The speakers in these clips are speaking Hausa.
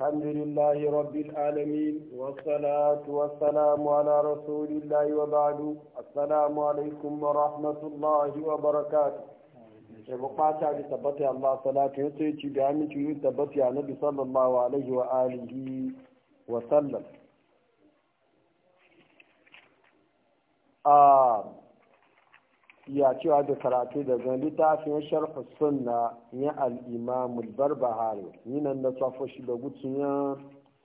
الحمد لله رب العالمين والصلاة والسلام على رسول الله وبعد السلام عليكم ورحمة الله وبركاته يبقى تعالي ثبت الله صلاة يسيتي بعمل تبتي على النبي صلى الله عليه وآله وسلم ya cewa da karatu daga littafin sharh sunna ya al-imam al-barbahari ninan na safo shi da gutsun ya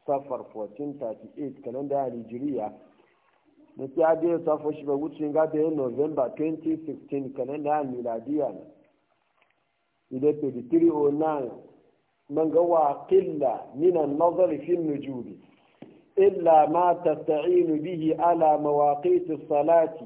safar 1438 kalanda ya nigeria na fi adi ya safo shi da gutsun ga da yin november 2016 kalanda ya miladiya na ida pedi 309 man ga wa qilla min an-nazar fi an-nujub illa ma tasta'inu bihi ala mawaqit as-salati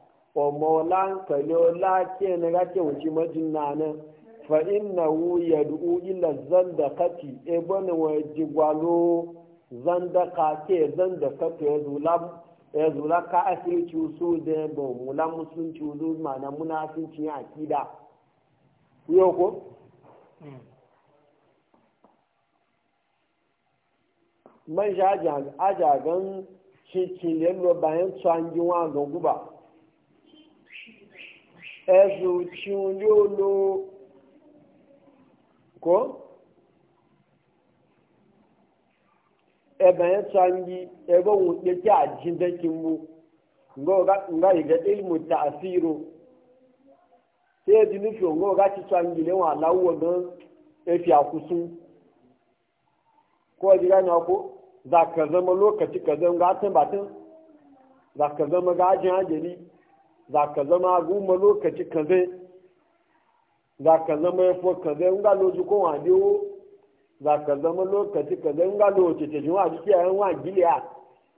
ọmọ láǹkàlẹ́ ọlá kí ẹni rákè òjì mọ́jú nànà fa iná wú yẹ̀dù ilẹ̀ zandakati ẹgbẹ́ e ni wọ́n ti gbà ló zandaka kí zandakati ẹ̀zùlá ká asirci so dẹ̀ bọ̀ musulunci ló màná múná àkídà yóò kó. ajagan ga guba ẹ̀sùn tí ó lo kó ẹ̀bẹ̀ yẹn sanji ẹgbẹ́ òun pé kí àjíǹdẹ́ ti mú nga ìgbẹ́ ilmu tààfíìrò tí ẹ ti nífi ọ̀gá ti sanji lẹ́wọ̀n aláwọ̀ gan efi àkúsùn kó ẹ ti ká ní ọkọ́ zàkàzọ́mọ lókàtí kàzọ́ za tán bàtán gá jẹ́ àjẹ́lí. za ka zama goma lokaci kaze za ka zama ya kaze in ga loji ko wa biyu za ka zama lokaci kaze in ga loji ta shi wa jiki yan wa giliya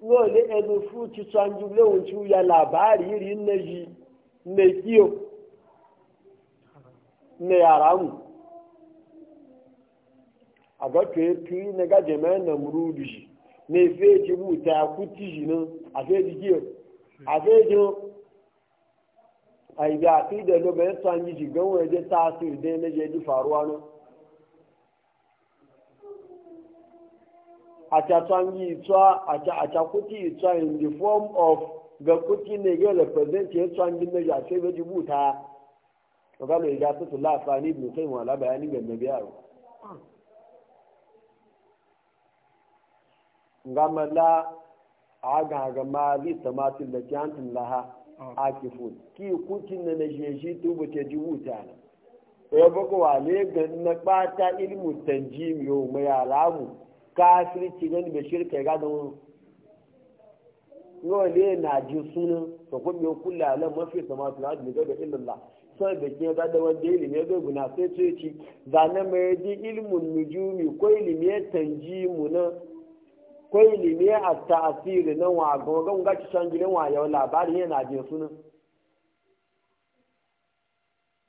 lole ezu fu ci canju lewun ci ya labari yiri na ji na kiyo na yara mu a ga ne tuyi na na murudu shi na ife ji buta kuti shi nan a fe ji kiyo ji a yi ga fi da lobe ya tsangi shi gan wani je ta su da na je di faruwa nan a ta tsangi itwa a kuti in the form of ga kuti ne ga ya tsangi na ya sai bai buta to ga mai ga su su lafani bi kai bayani ga nabi yaro ngamala aga ga ma zai tamatin da laha akifun ki kucin na na jeji tubu ta ji wuta na ya bako wa ne ga na bata ilmu tanjim yo mai alamu ci gani bai shirka ga da wani yau ne na ji suna ta kuma yau kula alam mafi sama tun hadu ga da illallah sai da ke ga da wanda ilimi ya gaibu na sai ce ci zane mai ji ilmun nujumi ko ilimi ya mu na ko ilimi a tasiri nan wa ga ga gaci can gidan wa yau labarin yana jin sunan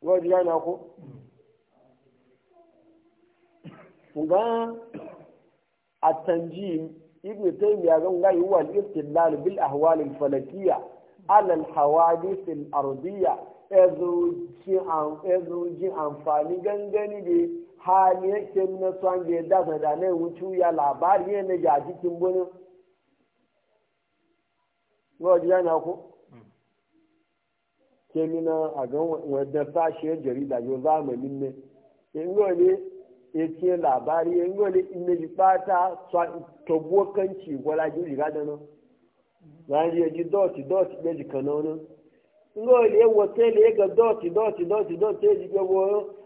gwaji yana ko ga a tanji ibn taymiya ga ga yi wal istidlal bil ahwal al falakiyya ala al hawadith al ardiyya ezo ji an ji amfani gangani de. hali yake na son da ya dasa da ya labari ne na jaji kin bani yau ji yana ku ke mina a ga wadda yau ne in gole ya ce labari in gole in na ji fata tabokanci gwala ji riga da nan na ji ya ji doti doti ji in gole ya wata ya ga ya ji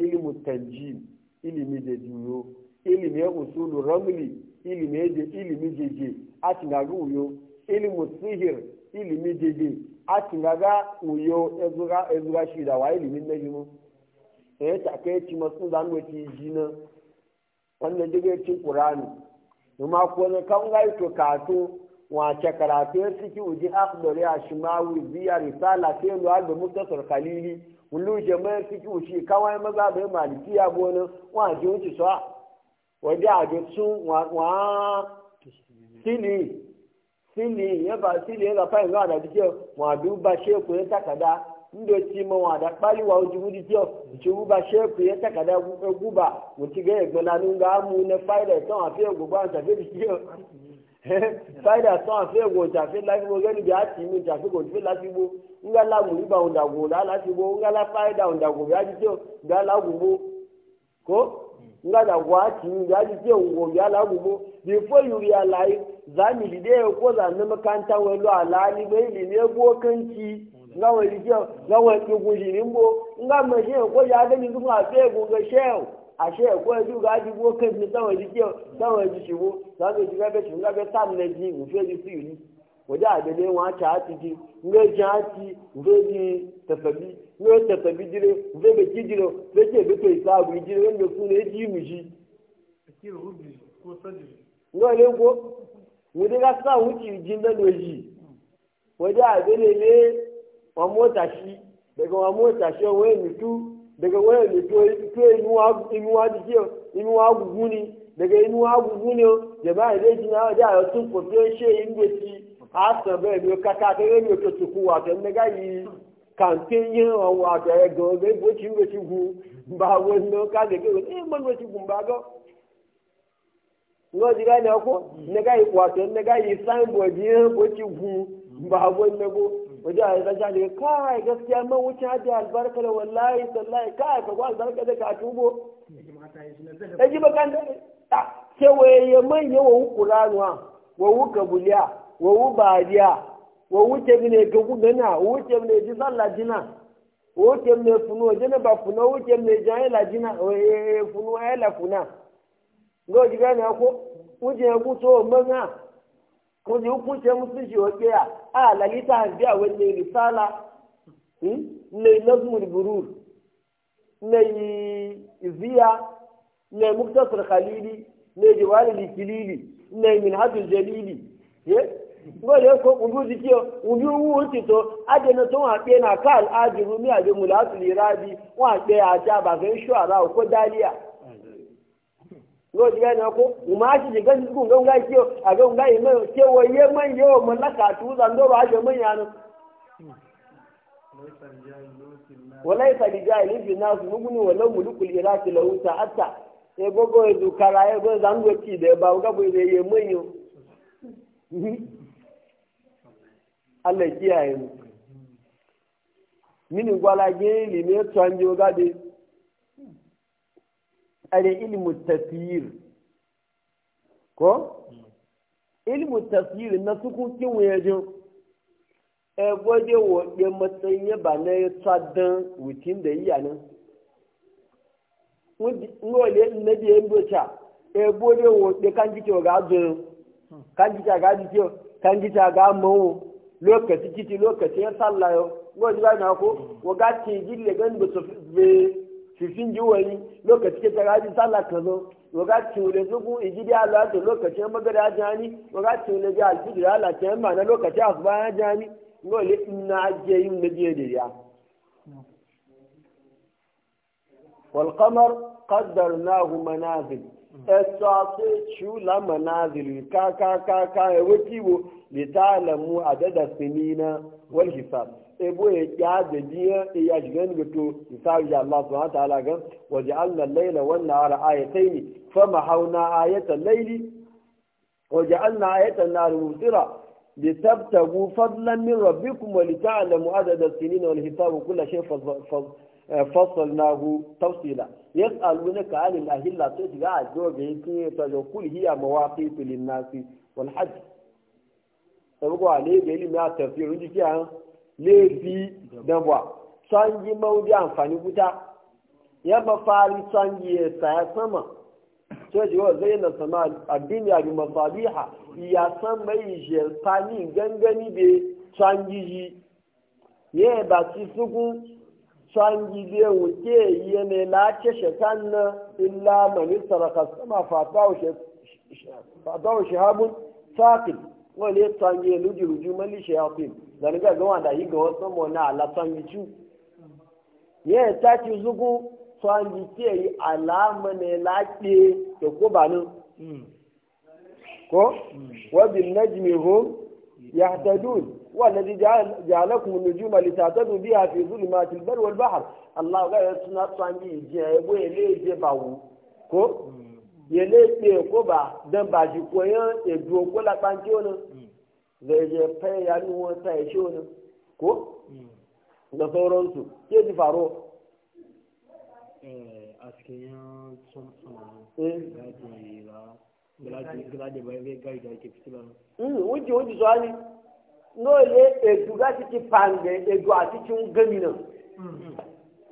ilmu tanjim ilimi da juyo ilimi usulu ramli ilimi je ilimi jeje ati na ga uyo ilmu sihir ilimi jeje ati na ga uyo ezuga ezuga shi da wa ilimi e, e na jimo eh ta sun ci masu zan wuce jina wannan daga cikin qur'ani kuma ko ne kan ga to kato wace karatun suke uji akhdari a shimawi biya risala sai luwa da muktasar kalili wulu jama'a suke uci kawai maza bai malikiya bonin wace wuce su a waje a sun wa sili sili ya ba sili ya zafa yanzu a da dike wa duba sheku ya takada ndo ci ma wa da kpali wa uji wudi ke uci guba sheku ya takada guba ga nunga amu na faida fiye guba an tafi fáyidà sọ àfẹ́ wò jàfẹ́ láfíwò gẹ́ni bí a tì mí jàfẹ́ kò tìfẹ́ láfíwò ńgá láàmú nígbà òǹdàgò rà láfíwò ńgá lá fáyidà òǹdàgò bí a ti tẹ́ bí a lágùnbó kó ńgá dàgò a tì mí bí a ti tẹ́ òǹgò bí a lágùnbó before you realize zami dìde kó zànà mẹ́kántà wọn lọ àlá ni bẹ́ẹ̀ lè ní ẹgbó kẹ́ńtì ńgá wọn ìdíjẹ́ ńgá wọn ìgbòho yìí ní mbó ńgá mẹ́ṣẹ́ ashe ko yanzu ga ji bo kai ni sawa ji ke sawa ji shi bo za ji ga ga shi ga ga ne ji mu fe ji su yi waje a da ne wa ta ati ji ne ji ati ve ji tafabi ne tafabi jire ve be ki jire ve ke be kai sa bu jire wanda su ne ji mu ji ko sanji no le ko mu de ga sa wuci jin da no ji waje a da ne ne wa mota shi daga wa mota shi wa mutu daga wayar da to inuwa jiki inuwa gugu ne daga inuwa gugu ne jama'a zai ji na wajen a tun kwafiyon she yin doki a san bai biyo kaka ta yi biyo ta tuku wato na ya ga wani boci gu ba wani ka ga ke wani eh, man doki gun ba ga wani gane ko na gayi wato na gayi ya gu ba wani na waje a zaja ne kai gaskiya man wuce hajji albarka da wallahi sallahi kai ka gwa zarka da ka tubo ta ji bakan da ta ah, ce ya manya wa wuku ranuwa wa wuka buliya wa wu bariya wa wuce ne ga gudana wa wuce ne ji sallah jina wa wuce ne funu waje jina ba funa wa wuce mine jan lajina, jina wa eh, eh, funu wa yala funa ga wajen ya ko wuce ya gutu wa manga kun ji hukuncin musulunci okpe a a lalita hanbiya wani risala mai hmm? nazmul gurur mai ziya mai muktasar khalili mai jawari likilili mai minhajul jalili ngole ko undu dikio undu wuti to aje na nwa hape na kal ajiru mi aje mulatul iradi wa pe aja ba lóòdì yẹn náà kó ọmọ àṣìṣe gẹ́gẹ́ sùkúù ńgá ńgá ìṣe àgbẹ̀ ńgá ìmọ̀ ṣé wọ iye mọ̀ iye ọmọ lákàtú sàndóró àṣẹ mọ̀ yẹn àná. wọlé ìsàlìjà ìlú fi na sùn múgbìn wọlé mùlùkù yìí láti lọ wúta àtà egbogbo èdè e kara ẹgbẹ́ e zango tì dẹ̀ bá wọn kábọ̀ ìdè yẹ ye yẹn. alẹ̀ kí àyẹ̀wò mí ni gbọ́dọ̀ gé lèmi ẹ̀ tó are ilmu tafiyir ko ilmu tafiyir na suku kin wayajin e gode wo de matsayin ba na ya tsadan wutin da yi nan ngole na de embocha e gode wo de kan kito ga zo kan kita ga kito kan kita ga mu lokaci kiti lokaci ya sallayo ngole ba na ko wa ga ce gille gan ba su fifin jiwoyi lokaci ke tsara ajin sallah ka zo waga cule zugu igidi ala da lokacin magada jani waga cule ji alfijir ala ta yamma na lokacin asuba ya jani ngole ina ajiye yin na biye da ya والقمر قدرناه منازل esase shula manazil ka ka ka ka ya wuce bu li ta'lamu adada sinina wal hisab ابو اجا دي يا جن بتو نساو يا الله سبحانه وتعالى قال وجعلنا الليل والنهار ايتين فما حونا آية الليل وجعلنا آية النهار مبصرة لتبتغوا فضلا من ربكم ولتعلموا عدد السنين والحساب وكل شيء فصلناه تفصيلا يسألونك عن الأهلة تجعل جوجة يتجعل كل هي مواقف للناس والحج سبقوا عليه قال لي ما تفسير عندي كي laifi da ba canji maudi amfani wuta ya mafari canji ya saya sama to ji wa zai na sama a duniya bi masabiha ya san mai gangani da canji yi ya ba ci suku tsangi da wuce ya ne lace shekan na illa mani saraka sama fatawa shahabun sakil wani canji ya lujiruju mali shayafin zarga zuwa da yi ga wasu mona ala sanju ye ta ci zugu sanju ce yi alama ne lake da ko ba nan hmm. ko hmm. wajen najmi ho ya ta dun wanda ji jalakun nuju malita ta dubi a fi zuri ma tilbar wal bahar allah ga ya suna sanju je ya yi boye ba wu ko hmm. ye ne ko ba dan ba ji koyan ya e duwa ko la kwanci zai je fai ya nuna wata ya shi wani ko da sauransu ke ji faro eh, a cikin yan sun gaji ne bayan gaji da ake fitilar mm, wuce wuce su hali no le edu ga ti e ti pange edu ati ti un gami na mm.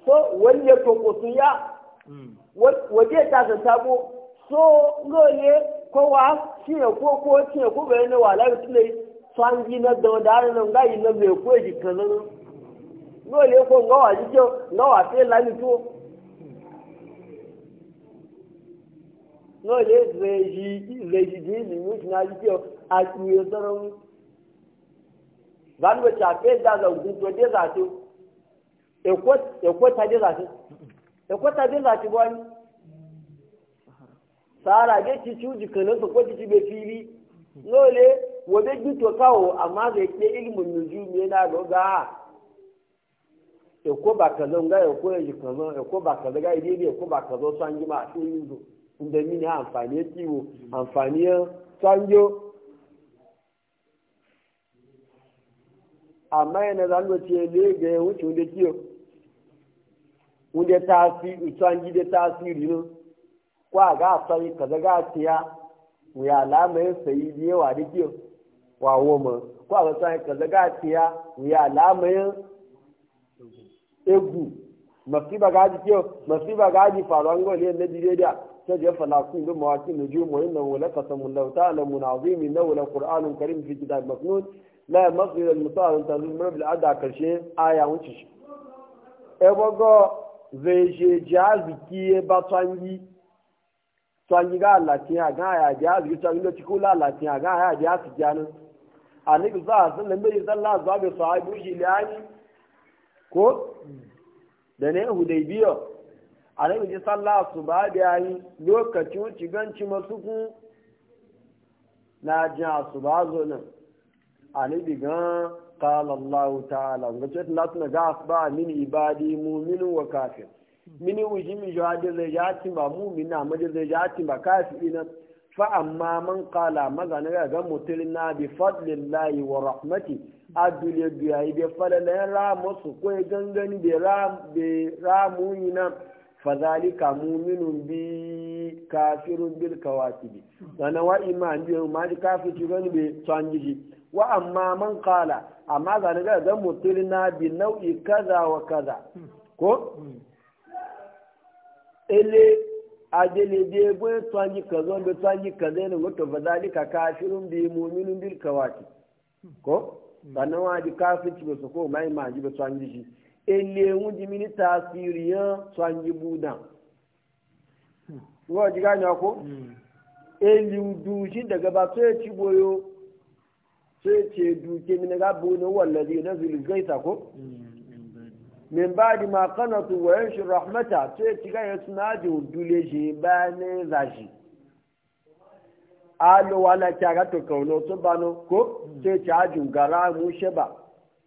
so wani ya toko sun ya mm. waje ta san sabo so no le kowa shi ne ko ko shi ne ko twangi na dodare na ngai na me ko ji kanan no le ko ngawa ji jo wa te la ni to no le reji reji di ni mu na ji jo a ku yo daron zan ba ta pe da za ku to de za to e ko e ko ta de za to e ko ta de za to ba ni sara ge ci ci ji kanan to ko ci be fili no le wode gito kawo amma zai ke ilimin nujumi na roga ya ko ba ka zo ga ya ko ya jika zo ya ko ba ka zo ga idai ya ko ba ka zo san gima a amfani ya kiwo amfani ya sanjo amma yana na ce ga ya wuce wanda ciwo wanda ta fi ta fi rino ko a ga ga tiya ya sayi da yawa da wawo ma ko a wasu hanyar kaza gatiya ya alamayin egu masiba gaji kiyo masiba gaji faru an gwale na jirediya sai ya falakun bin mawakin na jiyo mu inna wula kasamun lauta na munazimi na wula qur'anun karim fi kitab maknun la yamassu ila al-musa'an tanzil min rabbil adha karshe aya wuce shi e bogo zai je jazi kiye ba tsangi tsangi ga latin ga ya jazi tsangi da cikula latin ga ya jazi janin annabi za a sallan bai sallah zuwa bai sahabu shi liyani ko da ne hudaybiya annabi ji sallah su ba da yayi lokacin ci masu ku na ji su ba zo nan annabi gan qala allah ta'ala ga ce ga asba min ibadi mu'minu wa kafir zai ba mu'mina ma zai ba fa amma man qala maza ne ga mutum na bi fadlillahi wa rahmati adu le adule biya ibe falala ramu su ko gangani be ram be ramu yina fadhalika mu'minun bi kafirun bil kawatibi sana wa iman bi ma di kafir ti gani be tsanjiji wa amma man qala amma ga ne ga mutum na bi nau'i kaza wa kaza ko hmm. ele adele biye boye twangi kazo be twangi kaze ne goto fadhalika kafirun bi mu'minun bil kawati ko sannan hmm. wa di kafin ci su ko mai maji be twangi shi ele mun ji mini tasiriyan twangi budan hmm. wa ji gani ko hmm. ele du shi daga ba sai ci boyo sai ce duke mini ga bu ne wallazi nazul gaita ko min ba di ma kanatu wa shi rahmata to ya ci gaya suna dule shi ba ne za shi alo wala ta ga to kauno to ko sai ci ajin gara mu sheba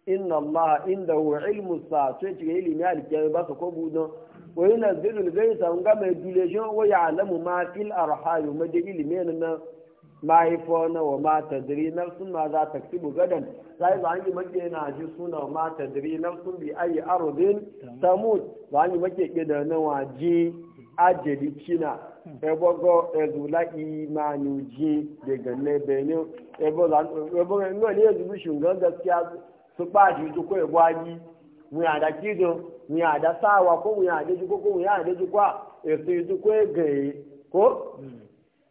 inna inda indahu ilmu sa to ci ilimi alkiyar ba su ko budon wa yana zilul gaisa ga mai dule shi wa ya alamu ma fil arhayu ma da ilimi na mahaifa na wa mata diri nafsun ma za ta gadan sai ba yi make na ji suna wa mata diri sun bi ayi arudin za yi make ke da na waje ajali kina ebogo ezula imanu ji daga ne benin ebogo e ino ne yanzu shugaban gaskiya su ba shi su kawai e gwaji mu ya da kido mu ya da sawa ko mu ya da ko mu ya da kwa esu ko e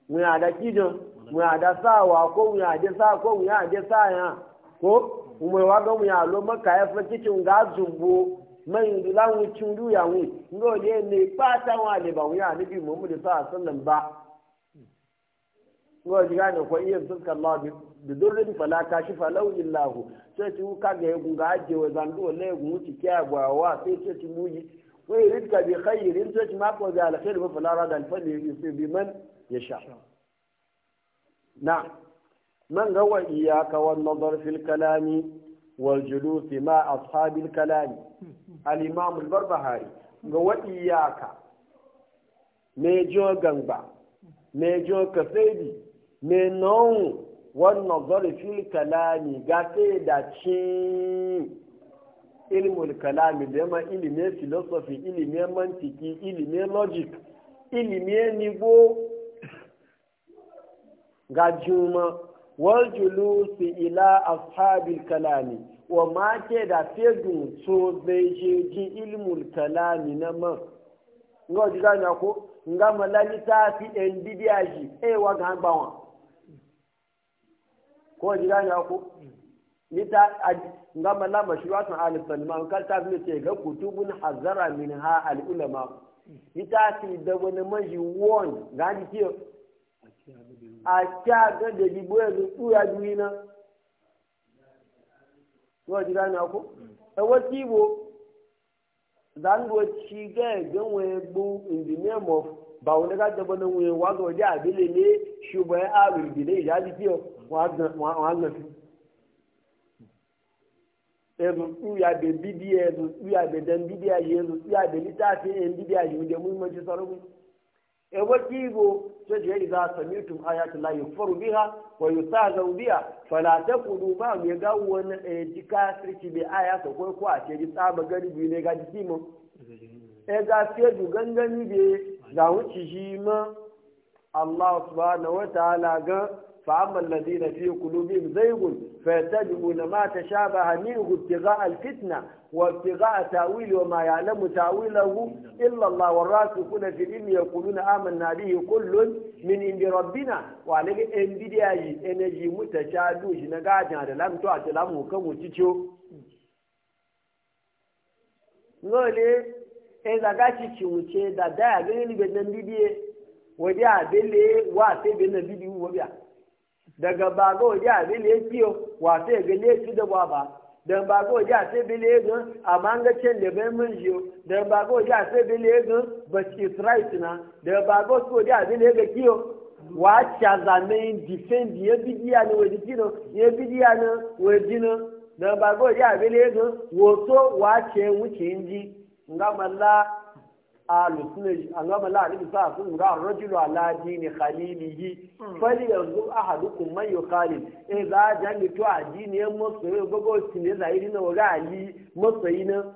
hmm. wuya da sawa ko wuya da sa ko wuya da sa ya ko e umar wa ga wuya lo maka ya fa kicin ga zumbu zumbo mai lawun cin duya wu ngo ne ne pata wa le ba wuya nabi muhammad sallallahu alaihi wasallam ba ngo diga ne ko iya suka Allah bi durrin fala kashifa law illahu sai ci ka ga yugun ga aje wa zando le gun ci kya ba wa sai mu ci ko wai ridka bi khairin sai ci ma ko da alkhair ba fala rada alfali yusib bi man yasha na man ga wa iyaka wan nazar fil kalami wal julus ma ashabil kalami al imam al barbahari ga wa iyaka me gangba me jo kasaidi me non wan fil kalami ga sai da cin ilmul kalami da ma ilimin philosophy ilimin mantiki ilimin logic ilimin nigo ga juma wal julusi ila ashabil kalami wa ma ke da fedun so bai je ji ilmul kalami na man nga ji gani ko nga malali ta fi en bidiya ji e wa ga ba wa ko ji gani ko ni ta nga mala mashruatun alif ma kan ta fi ce ga kutubun hazara minha al ulama ni ta fi da wani maji won ga ji àti àgẹ́dẹ̀ ìdìbò ẹ̀lú túra ju iná wọ́n ti dáná kó ẹwọ́ tí ìwò zango ti gẹ́ẹ̀gẹ́ wọn gbó engineer of báwo ní ká jẹ́bọ́ ní wọn wá gbọ́ ọjà àbílẹ̀ ní ṣùgbọ́n àrùn ìdílé ìyáàbí tí wọ́n á gbọ̀n sí. ẹ̀rù túra bẹ̀ bíbí ẹ̀rù túra bẹ̀ dẹ́n bíbí ayé ẹ̀rù túra bẹ̀ lítàfẹ́ ẹ̀ bíbí ayé oúnjẹ mú ìmọ̀ ti sọ̀rọ̀ wọn. ewa kibo je idza samitum ayati la yufaru biha wa yusazu biha fala taqulu ma eh, ya ga wannan e sirki bi aya ko ko a ce ji tsaba garbi ne ga jiki mu e ga sai du gangani be da wuci hima ma Allah subhanahu wa ta'ala ga فاما الذين في قلوبهم زيغ فيتبعون ما تشابه منه ابتغاء الفتنه وابتغاء تاويل وما يعلم تاويله الا الله والراسخون في العلم يقولون امنا به كل من عند ربنا وعليك انبيدياي انجي متشابه نغاجا لم تعتلم كم تشو ngole e daga ci ci wuce da da ga ni be nan bidiye wadi a bele wa sai be nan bidiyu wa biya daga baga waje abin ya wato ya gani ya da ba daga baga waje a sai bile gan amma an ga can da bai mun jiyo daga baga waje a sai bile ba ci right na daga baga wasu waje abin kiyo bidiya ne bidiya ne wato wa ce ahlu sunna annama la ni sa sun ga rajulu ala dini khalilihi hmm. fali yanzu ahadukum man yukhalil e za jani to adini yan masoyi gogo tine zairi na wura ali masoyi na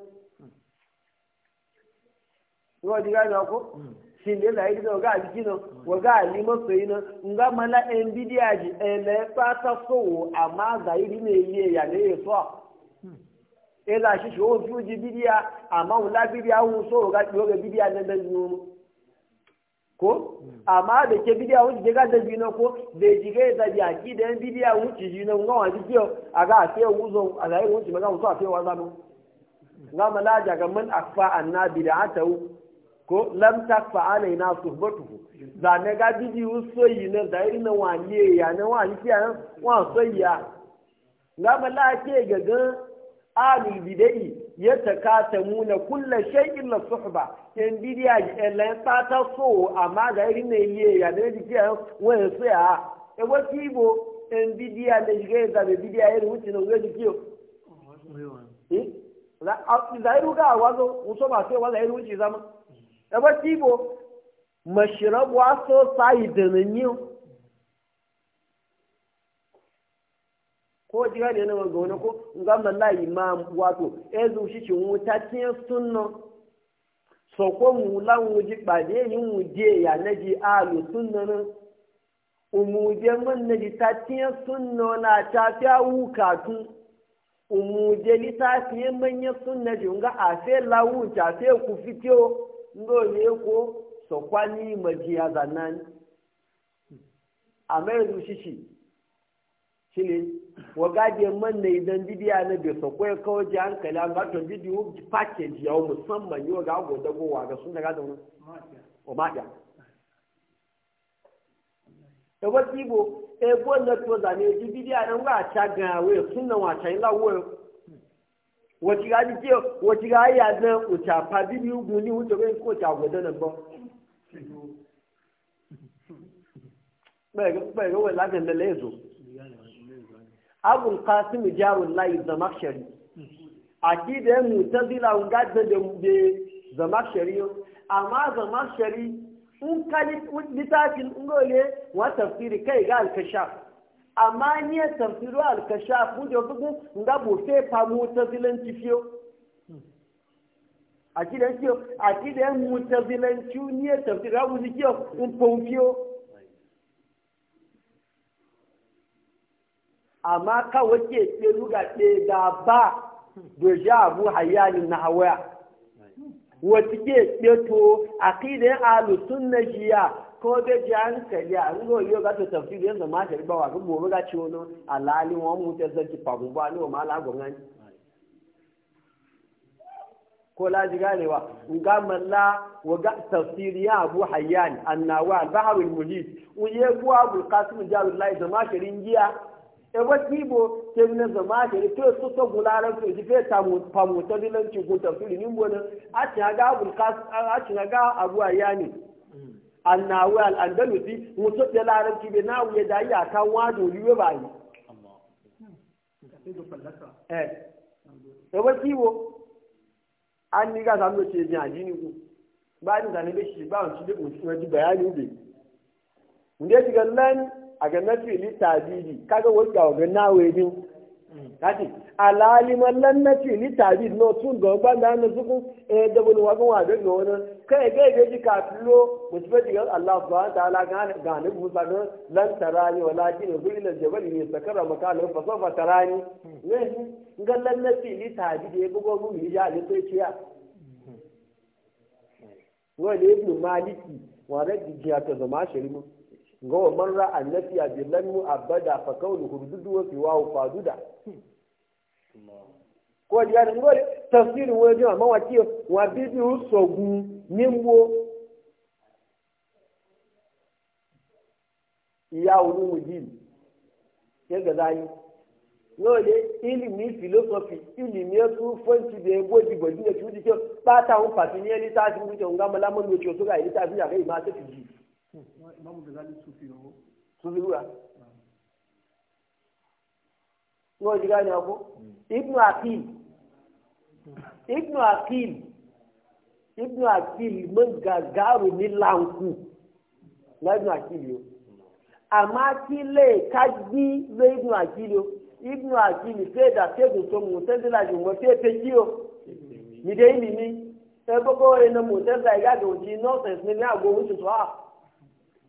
wa diga na ko tine zairi na wura ali kino wura ali masoyi na nga mala en bidiaji e le pata so amma zairi ne ye ya ne so e za shi shiwo fuji bidiya amma wula bidiya hun so ga ɗiyo ga bidiya nan da zuwa um. ko amma da ke bidiya hun jige ga da jino ko da jige da biya ki da yan bidiya hun ci jino nga wa jikiyo a ga a fiye wuzo a ga yi hun ci maga mutu a fiye wa zanu nga ma malaja ga mun akfa anna bida'atahu ko lam takfa alaina suhbatuhu za ne ga bidiyu yi na da irin wani ya na wani kiyan wa yi ya nga ma malaja ke gagan alul bidai ya takata muna kulla shay'in la suhba en bidiya en eh, la ta so amma ga irin ne ye ya da ne dikiya wa so ya e wa tibo en bidiya ne ga da bidiya irin wuce ne eh? ga dikiyo eh la a zairu ga wazo muso ba sai wala irin wuce zama e wa tibo mashrabu aso sai da ne niyo ko ji hali yana wanga wani ko nga imam wato e zu ci mu ta tin sunna so ko mu la mu ji bade yin mu je ya alu sunna nan umu je man ta tin sunna na ta ta wuka tun umu je li ta tin manya sunna nga a fe ta fe shine gajiyar man na idan bidiya na bai so kai kawai ji hankali an gato bidiyo package yawo musamman yau ga go da gowa ga sun daga da wani o maɗa da wasu ibo ebo na to zane ji bidiya nan wa ta ga we sun na wa ta ila wo wati ga ji wati ga ya na o ta pa bidiyo guni o to ko ta go da nan ba bẹ́ẹ̀ bẹ́ẹ̀ wẹ̀ lágẹ̀lẹ̀ lẹ́yìn zo zama qasim a zamakshari da ya mutazila unga da zama zamakshari amma zama shari in ka litafin ngole wa tafsiri kai ga al amma ni tafsiru wa kashaf mun da bugu nga bo fe fa a tifiyo ya kiyo akida mutazilan chu ni wa abu kiyo in fomfiyo amma kawai ke ke ruga ɗe da ba doji abu hayyanin na hawaya wata ke to a yin alusun na jiya ko da ji an kariya an zo yau ga ta tafi da yanzu mata riba wa gugu ga ci wani alalin wani mutar ta zaki fagu ba ni wa ma la gwamnan ko la ji ganewa ga malla wa ga tafsiri ya abu hayyan annawa al-bahr al-muhit wa yabu abul qasim jalullahi da ma sharin jiya ebe kibo ke na zama da ke so ta gularan ke ji fe ta famuta dilanci ko tafsiri ni bona a ci ga abul kas a ci ga abu ayani annawi hmm. al andalusi mutu da laranci be na wuya da ya kan wado liwe ba yi eh ebe kibo an ni ga zamu ce ji ajini ku ba ni zane be shi ba on ci de ko bayani ni mun dai ga lan a ga nafi nafili tabidi kaga wanda ga nawe din kati alaliman lan nafili tabidi no tun ga ban eh, da na zuku e da bulu wa ga wada ga wannan kai ga ga ji kafilo musbati ga Allah subhanahu ta'ala ga ga ne musa da lan tarani walakin zuila jabal ni sakara makala fa sawfa tarani ne ga lan nafi nafili tabidi ya gogo mu ya ne sai ciya wani ibn maliki wa rabbi jiya ta zama shirmu ga wa man nafiya bi lan mu abada fa kaulu hurdudu wa fi wawu faduda ko diya ni ngole tafsir wo jama ma wa kiyo wa bibi usogu nimwo iya ulu mujin ke ga dai ilimi philosophy ilimi esu fonti de ebo di gbodi ne ti o di ke pata un pati ni ta ti mu je mo ni ti o so ga ni ta bi ya ke ma se ti ji ìmáàmù Gàzálì sufi lọ́wọ́. sufi wúra ah. wọ́n ti gáyìn ọkọ hmm. hmm. ibnu akim ibnu akim ibnu akim mọ gàgàrò ní lanku lẹ́nu akim yìí o àmọ́ akílẹ̀ kájí lé ibnu akim yìí o ibnu akim fẹ́ẹ̀dà fẹ́ẹ̀dù tó mú sẹ́ńtẹ́lá jù wọ́n fẹ́ẹ̀ fẹ́ẹ̀jì o hmm. nìdẹ́yìn nìní ẹ gbogbo ẹ̀ na mú sẹ́ńtẹ́lá ìyá àdòjì nọ́ọ̀sẹ̀ ní àgbo oṣù tó a.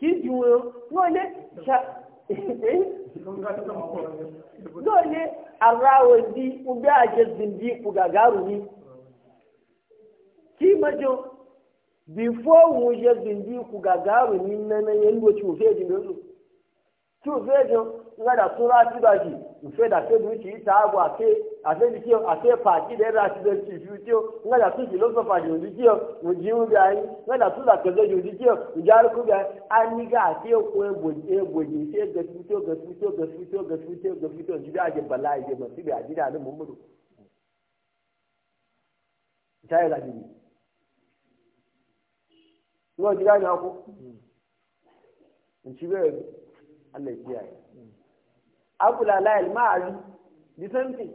kijuyo nole cha eh? nole arawo di uga aje zindi uga garu ni ki majo before wo je zindi uga garu ni nana yendo chu feji ndozo chu fejo ngada sura tibaji ufeda fedu chi ita agwa ke àtẹ́bí tí o àtẹ́ pàtí lẹ́rọ àtijọ́ ti fi tí o ńgbàdà tún fìlọ́sọ̀fà yòòdì tí o ǹjì ń bẹ ayé ńgbàdà tún làkẹ́sọ̀ yòòdì tí o ǹjì arúgbó bẹ ayé anígà àti èkó egbòjì tí o tí o gẹ̀fú tí o gẹ̀fú tí o gẹ̀fú tí o gẹ̀fú tí o ǹjì bí àjẹ bàlá àjẹ mọ̀ síbi àdínà àti mọ̀mọ́dọ̀. wọ́n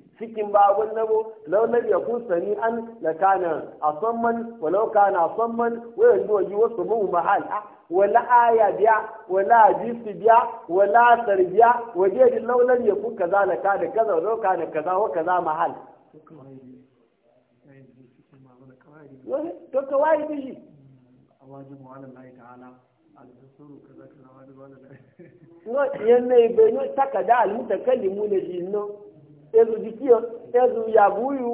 cikin babun nabo launar ya kun sani an na kana a samman walau kana a samman wayan zuwa yi wasu mu mahal a ah, wala aya biya wala hadisi biya wala tarbiya waje din launar ya kun kaza na kana kaza walau kana kaza wa kaza mahal to kawai dishi a wajibu ala Allah ta'ala no yanayi bai no takada almutakallimu ne jinno ezu jikiyo ezu yabuyu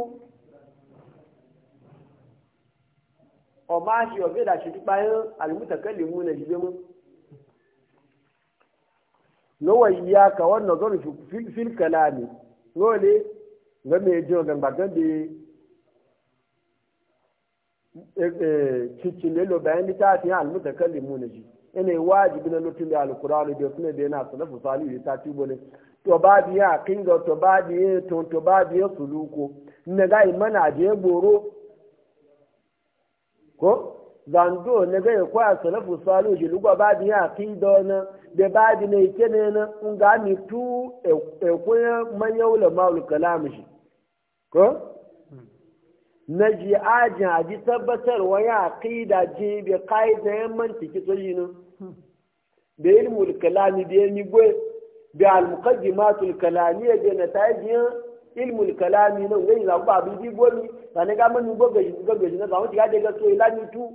ọma shi ọbẹ da shi bayan almutakallimu na jibe mu nawa iya ka wannan zonu fil kalami nole ga me jiyo gangba gambe cikin lelo bayan littafin almutakallimu na ji ina wajibi na lutun da alkurani da suna da yana salafu salihu ta tibo ne to ba kinga to ba biya to to ba biya suluko ne ga imana je goro ko zando ne ga ko salafu salu je lugo ba ya kido na de ba bi ne kene na nga mi tu e, e ko manyaula maul kalam shi ko na ji ajin a ji wa ya aqida ji bi qaida yan mantiki to yi no da hmm. ilmul kalami da ni gwe da almuqaddimatul kalamiyya da nataijin ilmul kalami nan gai za ku abu bi gomi ba ne ga mun gogaji gogaji na ba mu tiga daga so ilami tu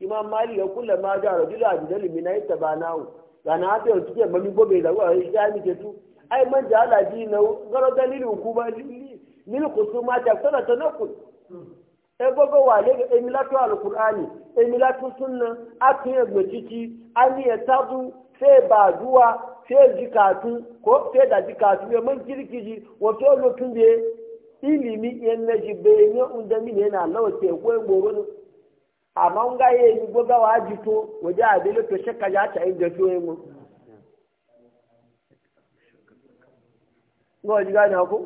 imam mali ya kula ma da rajulu ajdal min ay tabanahu ga na ta yanzu ke mun gogaji za ku ai ga mi ke tu ai man da ala bi na garo dalil hukuma lil khusuma ta sana tanakul e gogo wa le ga emilatu alqur'ani emilatu sunna akin egbe titi ani etadu sai ba duwa sai jikatu ko sai da jikatu ne mun kirkiji wato lokacin da ilimi yan naji bayan unda mini yana lawa goyi goro ne amma nga ye ni goga wa jito waje a dole to shakka ya ta inda so mu ngo ji gani hako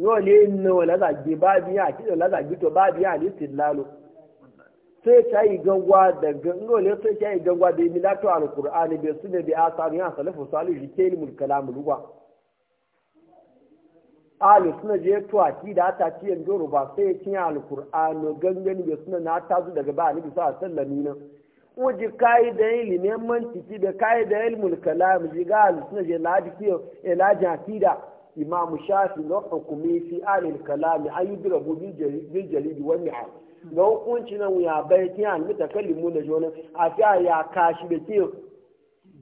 ngo le la ba biya ki sai ta yi gangwa da gangole sai ta yi gangwa da milatu alqur'ani bai bai a asarin ya salafu salih jikeli mul kalam lugwa alu suna je to da ta ci yan doro ba sai ya kinya alqur'ani gangan bai suna na ta zu daga ba annabi su a wasallam nan uji kai da liman ciki da kai da ilmul kalam ga alu suna je ladi ki ilaji eh, da imam shafi na hukumi fi ahli kalam ayyudrabu bil jalidi wani alu ga hukunci nan ya bai kin an mita mu da jona a fi ya kashi da ke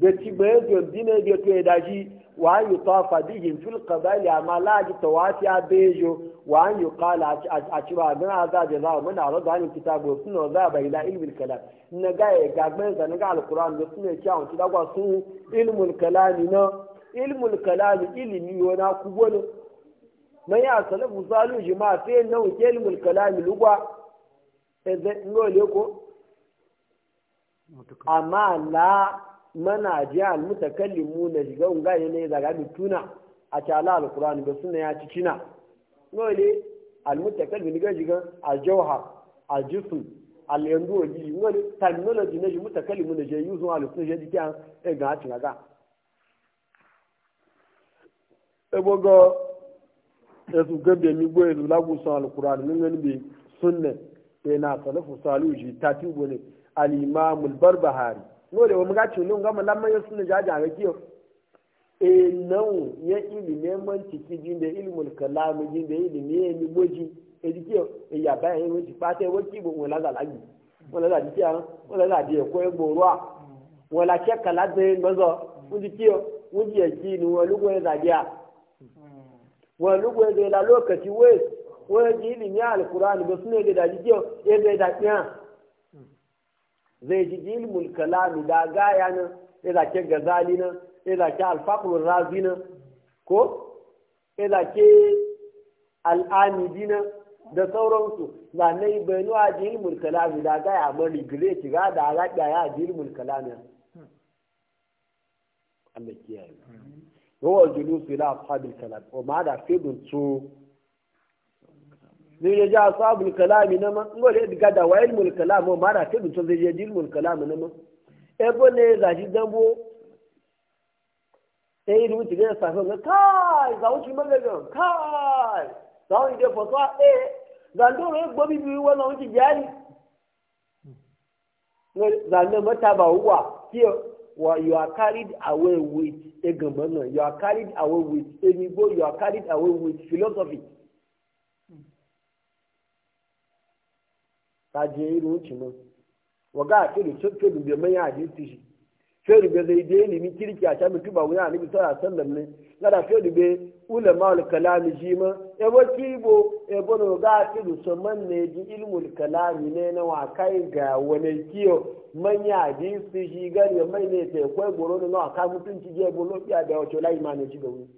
da ci bai don dina da ke da shi wa an yutafa bihim fil qabali amma la a bai bejo wa an kala a ci ba dan azza da za mun aro da hanin su na za ba da ilmil kalam na ga ya gagba ban zan ga alkuran da su ci kyawun ci da su sun ilmul kalam na ilmul kalam ilimi wana kubolo mai ya salafu salu jama'a sai nan ilmul kalam lugwa ebe ngole ko amma la mana ji almutakallimu na shiga unga ne daga tuna a cala alquran ba sunna ya ci cina ngole almutakallimu ga shiga aljawhar aljism alendu oji ngole terminology ne mutakallimu ne je yuzu alquran je dikan e ga ci ga ebogo esu gambe mi gbo elu lagusan alquran mi sai na salafu saluji ta tubo ne al-imamul barbahari no da mu gaci nun ga mallan ya suna jaja ga kiyo e nan ya ilimin man ciki jin da ilmul kalam jin da ilimi ya ni boji e dikiyo e ya ba e won pate won wani bo wala ga lagi wala ga wani wala ga di ko e borwa wala ke kala de ngozo won dikiyo won je ki ya won wani e da dia won lugo e da lokaci wani ji ilimin alkur'ani ba suna da daji kyau ya bai da kiya zai ji ji ilimin kalami da gaya nan ya zake gazali nan ya zake alfakulun razi nan ko ya zake al'amidi nan da sauransu na na yi bayanu a ji ilimin kalami da gaya man rigire Ga da alaƙa ya ji ilimin kalami Allah kiyaye. Rawar julusu ila ashabil kalam, wa ma da fidun su zai ya ja sabul kalami na ma ngo le diga da wayil mul kalam o mara ke dun zai ya dil mul kalam na ma e bo ne za shi dambo e yi ruti ga sa ko kai za wuci magaga kai za wuci da fasa e eh, za ndo re gbo bi bi wala wuci jani ngo za ne mata ba uwa ki wa you are carried away with egamana you are carried away with enibo you are carried away with philosophy ka je yi ruci mun wa ga kiri sun ke dubbe mai ya hadisi shi da dubbe zai je ilimi kirki a can mutu ba wani annabi sallallahu alaihi wasallam ne da fe dubbe ulama al kalami shi ma e bo kibo e bo no ga kiri sun man ne ji ilmul kalami ne na wa kai ga wani kiyo man a hadisi shi gari mai ne ta kwai goro ne na ka mutunci je bo lobiya da wato layi ma ne shi ga wani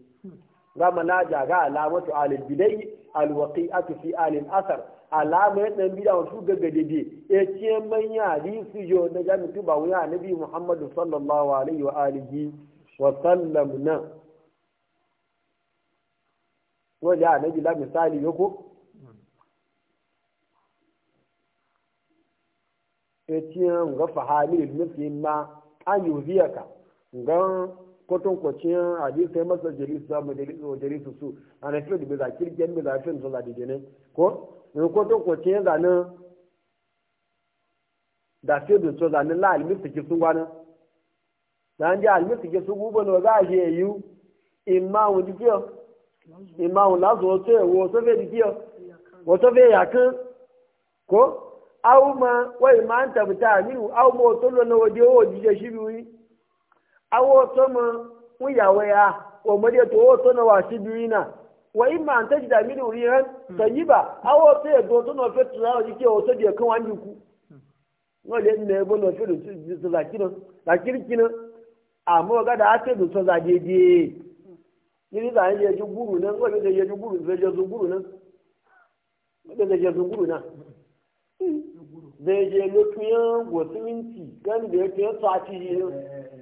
ga manaja ga alamatu alil bidai alwaqi'atu fi alil asar alama yadda bida wasu gaga dede ya ce manya hadisi yo na ga mutu ba wuya annabi muhammadu sallallahu alaihi wa alihi wa sallam na wani annabi la misali yoko ya ce ga fahali nufi ma an yi ziyaka ga kotun kwacin hadisi ya masa jarisu samu jarisu su a na fiye da bai zakirgen bai zafin su zadijinai ko nkoto ko tiɲɛ zani dafe do so zani la alimisi ki su wani zan di alimisi ki su gubo na za a ṣe eyi ima ahun di kiyo ima ahun lasu oto ewo oto fe di kiyo oto fe yakan ko awu ma wai ma n tabbata aminu awu ma oto lo na waje owo jije shi biyu awu oto ma n yawo ya ọmọdé tó owo oto na wa shi biyu na wa imma an tajida min urihan hmm. tayyiba awo te do to no fetu na o ke o to de kan wan yuku no le ne bo no fetu to kino ga da ate do to za jeje ni za ye ju guru nan ko da ye ju guru ze je zu guru nan ko da hmm. je zu guru na ze lo tuyan go da ye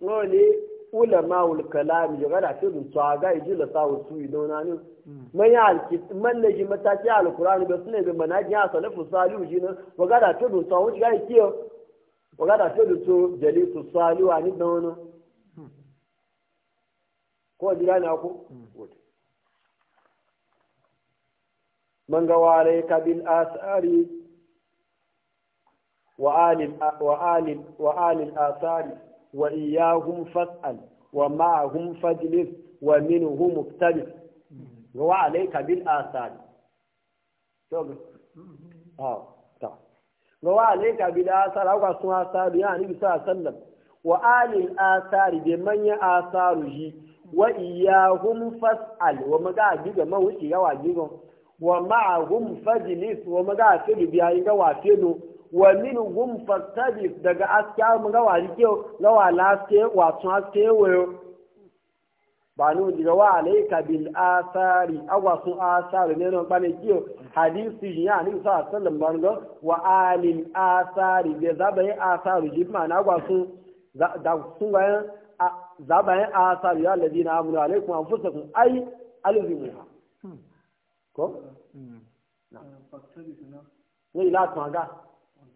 wani ulama kalam ya gada ce dun to aga ji la sawu wasu idon na ni hmm. man ya alki man ne ji mataki alkurani ba su ne bi manajin ya salafu salihu ji nan wa gada ce dun tsawo ji gaya kiyo wa gada ce dun tso jalisu salihu a ni dan hmm. wani ko ji na ku hmm. man ga ware kabil asari wa alim wa alim wa alim asari wa iyahum fas'al wa ma'ahum fajlis wa minhum muktabi wa alayka bil asar to ah ta asar aw sun asar ya ni bisa sallam wa alil asar bi manya asaru ji wa iyahum fas'al wa maga diga mawuci yawa diga wa ma'ahum fajlis wa maga fi biya ga wa fedo wa minhum fastabi daga aska mu ga wari ke ga wala ke wa tun aske wayo ba ni diga wa alayka bil athari agwa sun athari ne no bane kiyo hadisi ya ni sa sallam ban ga wa alil athari da zabai athari ji ma na agwa sun da sun ga zabai athari ya ladina amanu alaikum anfusakum ai alzimuha hmm. ko hmm. na fastabi na ne ila tun aga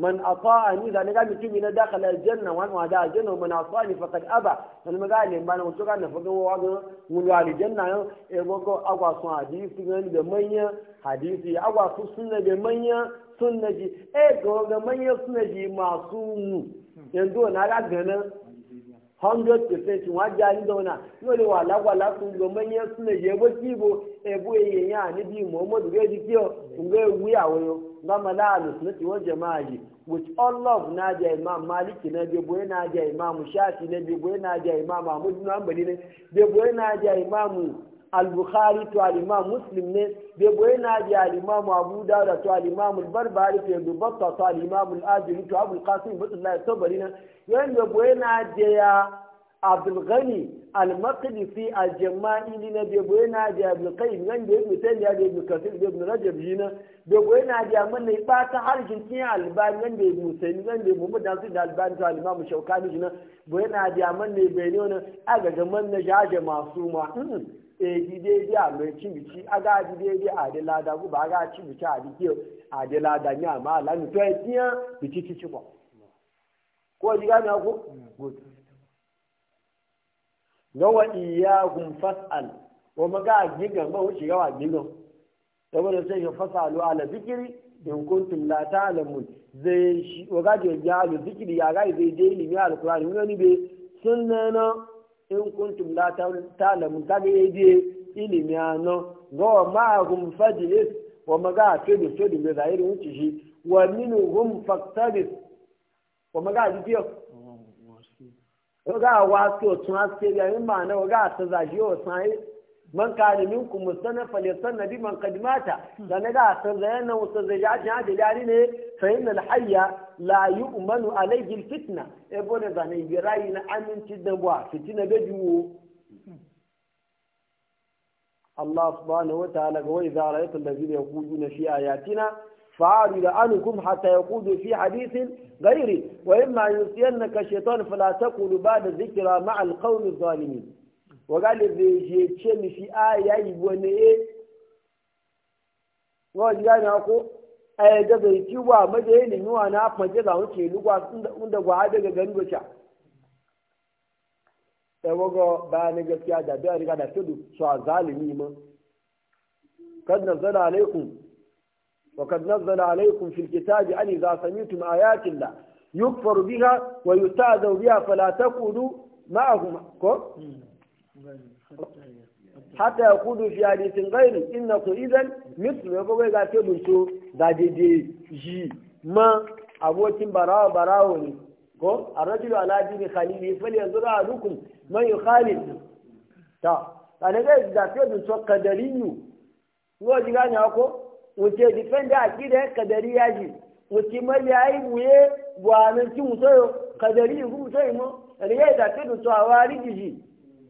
man ata'ani da ne ga mutumi na dakhala a wa wa da aljanna man ata'ani faqad aba man magale man wato kan fa ga wa ga mun ga aljanna yo e go agwa sun hadisi da manya hadisi agwa su sunna da manya sunna ji e ga manya sunna ji masu mu yanzu na ga gana 100% wa ja ni dona yo le wala wala su go manya sunna je bo tibo e bo yen ya ni bi gama la alusunati wa jama'a ji which all love na ja imam maliki na be boye na ja imam shafi na be boye na ja imam ahmad bin hanbali ne be boye na ja imam al-bukhari to al-imam muslim ne be boye na ji al-imam abu dawud to al-imam al-barbari to ibn battah to al-imam al-ajli to abu al-qasim bin allah tabari ne yan be boye na ja abdulghani al-maqdisi al-jama'i ni na bebo yana da abdulkaim nan da yake taymiya da ibn kasir da ibn rajab jina bebo yana da mana ba ta harjin kin albani nan da ibn taymiya nan da da su da albani da imam shaukani jina bo yana da mana bayani wannan aga ga na jaje masuma hmm, e dide ji a mai cibici aga dide ji a de lada ku ba aga ci a dike a de lada ni amma alani to e ci ci ci ko ko ga na ku hmm. good ga wa iyahum fas'al wa maga giga ba wuce yawa giga saboda sai ya fasalu ala zikiri in kuntum la ta'lamun zai shi wa ga ya alu zikiri ya ga zai je ilimi alqur'ani mun ne be sunnana in kuntum la ta'lamun ka ga je ilimi ano ga wa ma'ahum fajlis wa maga ke da so da zahiri wuce shi wa minhum faqtabis wa maga giga ga wasu otun haske ga yin ma'ana wa ga ta zaji wa sai man kana minkum mustanafa li sanadi man da na ga ta zayana wasu zaji ajin da dari ne fa innal hayya la yu'manu alayhi al fitna e bone zane rayu na aminci da wa fitina da juwo Allah subhanahu wa ta'ala ga wa ya ra'aytal na shi a yatina. فعارض عنكم حتى يقودوا في حديث غيره وإما أن يسينك الشيطان فلا تقول بعد الذكرى مع القوم الظالمين وقال بيجيتشن في آية يبون إيه وقال يعني أقول أي جزء يتيوى مدى إلي نوع أنا أفهم جزء ونشي لقوا عند وعادة غنوة شعب sai wago bayanin gaskiya da biya riga da tudu su a zalimi ma kad nazara alaikum وقد نزل عليكم في الكتاب أن إذا سمعتم آيات الله يكفر بها ويستعذوا بها فلا تقولوا معهم حتى يقولوا في حديث غير إنكم إذا مثل يقول إذا تلوشوا ذا دي جي ما abokin barawa barawo ne ko a rajulu ala dini khalili yanzu yanzuru alukum man yukhalid ta ta ne ga da ce dun tsokka kadarinu ko diga nya ko wuce difenda a kida kadari ya ji wuce mali ya yi buye buwanin ki musayo kadari yi musayi mo riga da ta da tsawa rigiji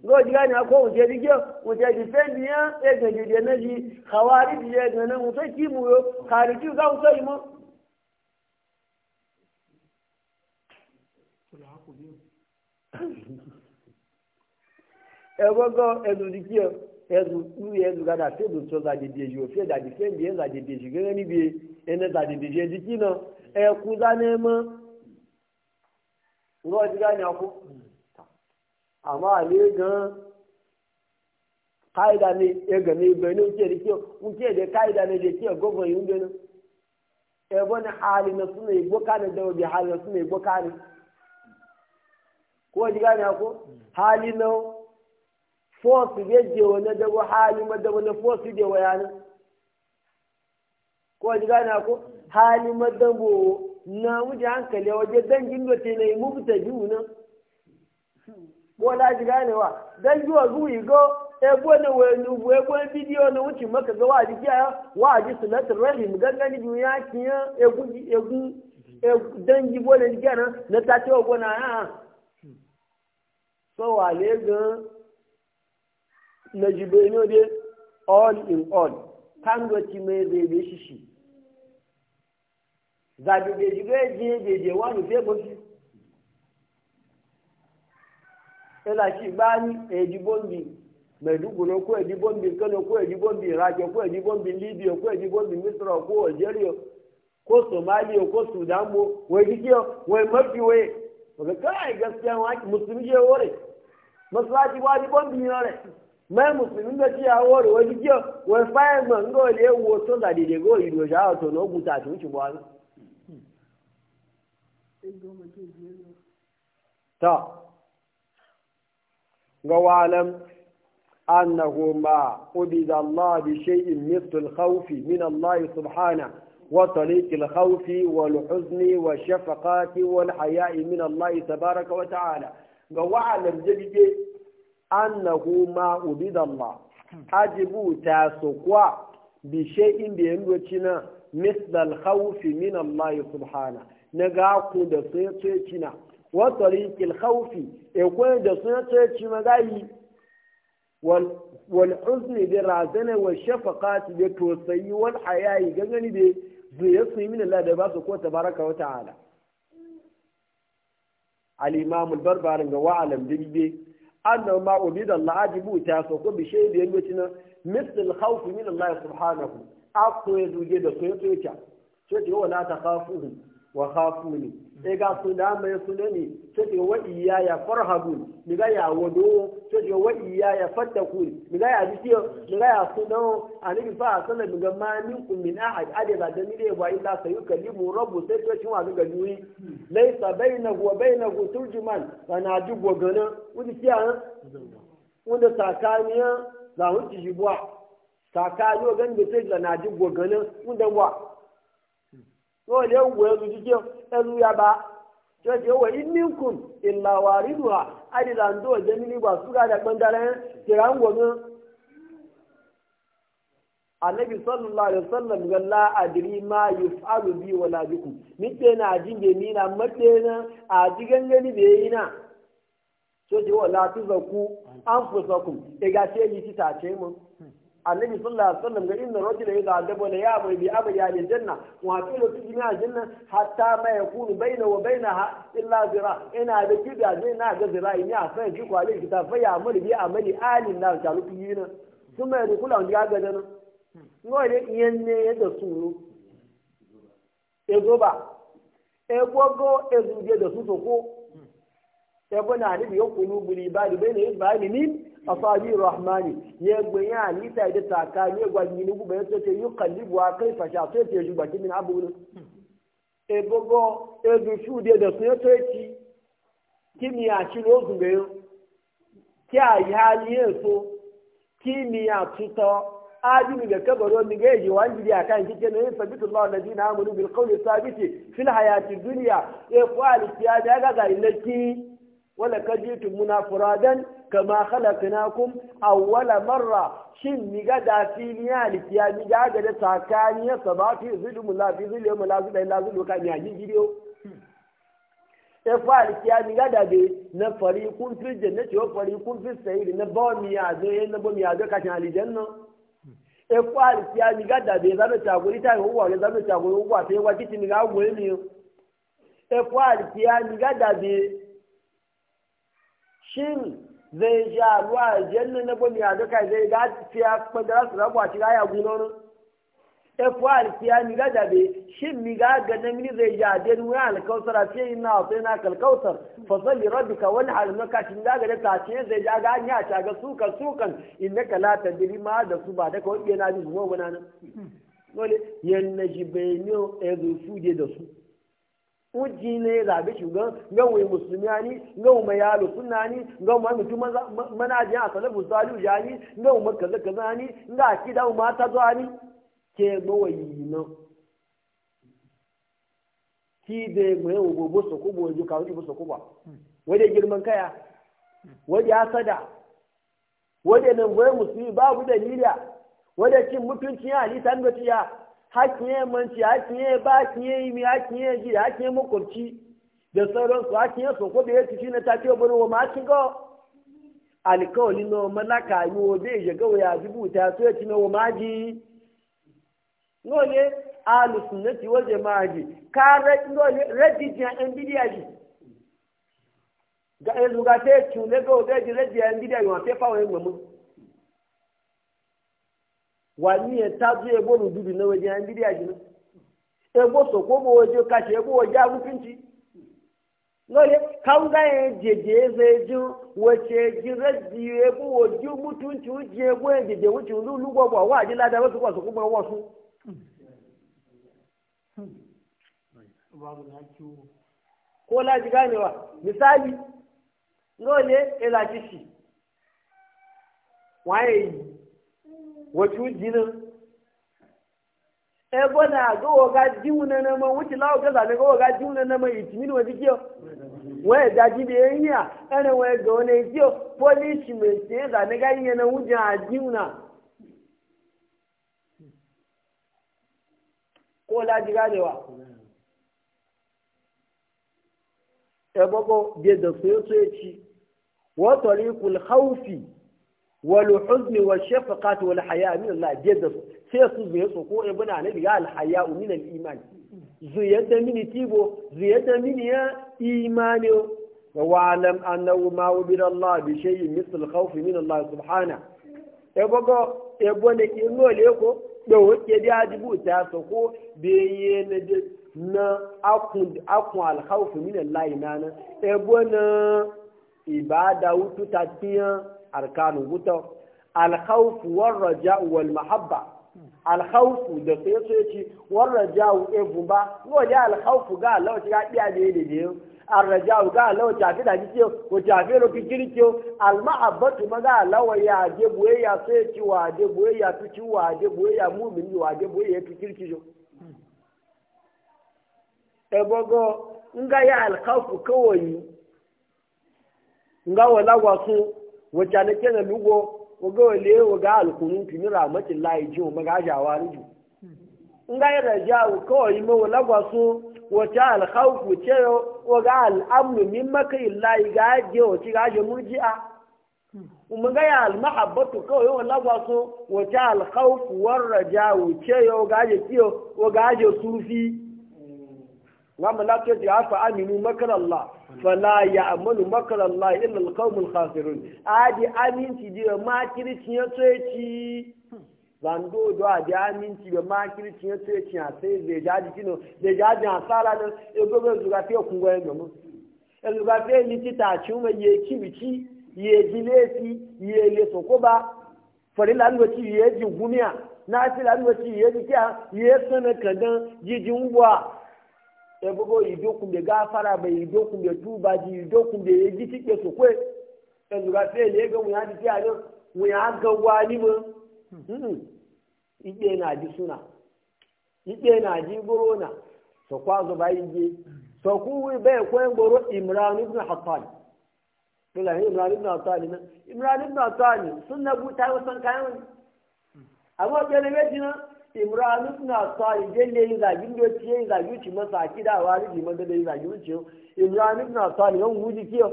go ji gani ko wuce rigiyar wuce difendi ya ya gaje da na ji hawari ji ya gana musayi ki muyo kariki ga musayi mo. ẹgbọgọ ẹdùn dìkì ọ ezuga da fedu to zadedeji o fe dadifendi e zadedeji gẹ́gẹ́ níbi ẹni zadedeji ẹni kí náà ẹkú e zánẹ́mọ́ ngọ́ e ti gá za ọkú àmọ́ àlẹ́ gan ga ni ẹgàn ní ibẹ̀ ní ojú ẹ̀dẹ́kí ojú ẹ̀dẹ́ káyidá ní ẹ̀dẹ́kí ọgọ́gọ́ yìí ń gbénu ẹ̀bọ́ ni hali na súnà ìgbó e ni dẹ́wọ̀ bí hali na súnà ìgbó káni kó o ti ga ní ọkú hali náà. force yadda wani dabo hali ma madaba na force da wayanin ko ji gane ko hali ma madabo na wuce hankali waje dangin da ce na yi mubta juna ko la ji gane wa dan juwa zuwi go ebo na wani ubu ebo na bidiyo na wuce maka ga waji kiya waji sulatul rahim gangani duniya e e e kiya egu egu dangi bole ni kana na ta ce wa gona a ah, ah. so wale gan na jibeno dai all in all kan goci mai zai bai shi shi zaɓi bai jibe je bai je wani sai goci ila shi a bani eji bombi maiduguro ko eji bombi kano ko eji bombi rajo ko eji bombi libya ko eji bombi misra ko algeria ko somalia ko sudan mo wai dikiyo wai mafi wai ga kai gaskiya wani musulmi je wore masu wani bombi ne ma musulmi ló ti àwọn ọ̀rọ̀ ojú jẹ́ wọ́n fáyẹ̀ mọ̀ ńgọ́ ilé wo tó dàdìdè gó ìlú ọ̀ṣà ọ̀tọ̀ náà gùn tà tó ń ṣùgbọ́n wọn. tọ́ gọwọ́ alẹ́m annahu ma ubida allah bi shay'in mithlu al-khawfi min allah subhanahu وطريق الخوف والحزن والشفقات والحياء من الله تبارك وتعالى قوى على الجديد annahu ma ubida Allah ajibu ta sokwa bi shay'in da yando cina misdal khawfi min Allah subhana na ga ku da sai sai cina wa tariqil khawfi e ko da sai sai ci wal wal huzni bi razana wa shafaqat bi tusayi wal hayayi gangani be zai su min Allah da ba su ko tabaraka wa ta'ala al-imam al barbar ga wa'alam dibbe annahu ma ubida Allah ajibu ta so ko bi shaydi yango na? misl khawf min Allah subhanahu akko yezuje da so yato yace sai ta wala wa khafuni e ga suna mai suna ne sai ce wa iya ya farhabu ni ga ya wado sai ce wa iya ya fadaku ni ga ya jikiyo ni ga ya suna anabi fa sallallahu alaihi wasallam ma minkum min ahad adaba da ni dai wa illa sayukallimu rabbu sai to shi wa ga duyi laysa bainahu wa bainahu turjuman sana dubo gana wani kiya wanda sakaniya za ji bua sakaniya ganin da sai na dubo gana wanda wa wọ́n lè wọ ẹnu jíjẹ́ ẹnu yaba tí ó jẹ́ wọ ìmínkùn ìlàwà rírùwà àdìlàndó ọ̀jẹ́ nínú ìgbà súgà àdàgbọ́ndàrẹ́ tìrà ń sallallahu alaihi la adri ma yuf'alu bi wala bikum na ajin ge ni na matte na aji wala tuzaku anfusakum e ce yi annabi sallallahu alaihi wasallam ga inna rajula idza adaba la ya'muru bi abyani janna wa tilu tijma janna hatta ma yakunu baina wa bainaha illa zira ina da kida ne na ga zira ne a sai ji kwalin kita fa ya amuri bi amali alin na ta lu tijina kuma ya kula on ga gadan no ne yen ne ya da suru e goba e gogo e zuje da su soko e bona ni bi yakunu buli bali baina ibadi ni. asabi rahmani ya gbanya alita da taka ne gwanyi ni gubayen to ce yi kallibu a kai fasha sai ce shi baki min abu ne e bogo e du shu de da sun to ci kimi ya ci no zumbe ki a yi hali yin so kimi ya tuta ajinu da kabaro mi ga yi wan jiri akan kike ne yin sabitu Allah alladina amanu bil qawli sabiti fil hayati dunya e qali ya da ga ga ilaki wala kajitu muna furadan kama khalaqnakum awwala marra shin ni ga da filiya likiya ni ga ga da takaniya sabati zidu mulafi zilu mulafi da lazu ka ni aji gidiyo e fa likiya ni ga da be na fariqun fil jannati wa fariqun fis sa'ir na ba mi ya zo na ba mi ya zo ka tan aljanna e fa likiya ni ga da be za ta guri ta huwa za ta guri huwa sai wa kiti ni ga guri ni e fa likiya ni ga shin zai sha ruwa janna na bani a duka zai ga fiya madara su rabu a shiga ya guno nan efuwar fiya mi ga dabe shin mi ga ga na mini zai sha den wuya a fiye yin na wasu yana kalkausar fasali ka wani halmaka shin ga da ta ce zai ja ga ya a shaga sukan sukan in na kalata diri ma da su ba daga wani yana bi zuwa wani nan dole yan na ji bai ne eh, ya su suje da su uji ne zaɓi shugan gawai musulmiyani gawai mai yalo ni, gawai mai mutum manajin a ya salihu jani gawai mai kaza kaza ni ga a kida mata zuwa ni ke gawayi nan ki da mai gobe su kubo yanzu kawo ji su kuba wadda girman kaya wadda asada, wadda nan goyi musulmi babu dalila wadda cin mutunci ya halitta ya ha hakiye manci hakiye ba hakiye imi hakiye ji hakiye makwabci da sauransu hakiye soko da ya ci na ta ce bari wa makin ga alkawali na malaka yi wa bai wa ya dubu ta so ya ci na wa maji nole wa ka radijin yan bidiya ji ga yanzu ga ta yi cune ga wa bai ji radijin yan bidiya yi wa fefa wa yin wani ya ta zo ya bonu dubi na waje an bidiya jinin ebo so ko bo waje kashe ebo waje agufinci lole kan ga ya jeje zai ji wace ji raji ebo waje mutunci wuce ebo ya jeje wuce wulu lugwa ba wa ji lada wasu kwasu kuma wasu ko laji ganewa misali lole wacu jinin ebo na ga oga jiuna na ma wuce lawo ga zabe ga oga jiuna na ma yitimin wa dikiyo waye daji da yanya ana waye ga wani dikiyo polisi me se da ne ga yanya na wuje a jiuna ko la diga ne wa ebo ko bi da so so ci wa tariqul haufi. والحزن والشفقة والحياء من الله جد سيسو زيسو كو ابنا نبي الحياء من الإيمان زيادة من تيبو زيادة من يا إيمان وعلم أنه ما وبر الله بشيء مثل الخوف من الله سبحانه ebogo ebone ingole ko do wote da ajibu ta so ko beye na akun akun al khawf min allah inana ebona ibada wutu tatiyan arkanu wuta alkhawfu warraja'u wal mahabba alkhawfu da sai so yace warraja'u e bumba no ya alkhawfu ga Allah ga biya ne ne ne arraja'u ga Allah ta fi da ji ce ko ta fi ro kikiri ke al mahabbatu ma ga Allah ya je buye ya so yace wa je buye ya tu ci wa je buye ya mu'mini wa je buye ya jo e bogo nga ya alkhawfu kawai nga wala wasu wacce na kenan lugo waga wale waga alkunun tuni rahmatin layi ji wa maga jawa riju in ga yi rajawu kawai ma wala gwaso wacce alhauku ce waga al'amnu min maka layi, ga je wacce ga je murji'a kuma ga yi almahabbatu kawai wala gwaso wacce alhauku war rajawu ce waga je kiyo waga je sufi ngam la ce ji afa aminu makar Allah fala ya amanu makar Allah illa alqaumul khasirun adi aminci ji ma kirci ya tsoyi zando do adi aminci e be ma kirci ya tsoyi a sai zai jaji kino zai jaji asara nan e gobe zuga te ku goyen mu e zuga te ni ti ta chu me ye kibici ye jilesi ye le sokoba farila ngo ti ye ji gumiya na ti la ngo ti ye ji kya ye sana kadan ji jungwa ebugo idokun da gafara bai idokun da tuba ji idokun da yaji tike su kwe yanzu ga sai ne ga mu ya ji a nan mu ga wani mu ibe na adị suna ikpe na ji gorona so kwazo bai ji so ku bai kwen goro imran ibn hattan kula ne imran ibn hattan na imran ibn hattan sunna buta wasan kayan amma bai ne na imranu suna sa idan ne yin zagin doci yin zagi ci masa kida wa rufi man da yin zagi wuce imranu suna sa ne yau? guji kiyo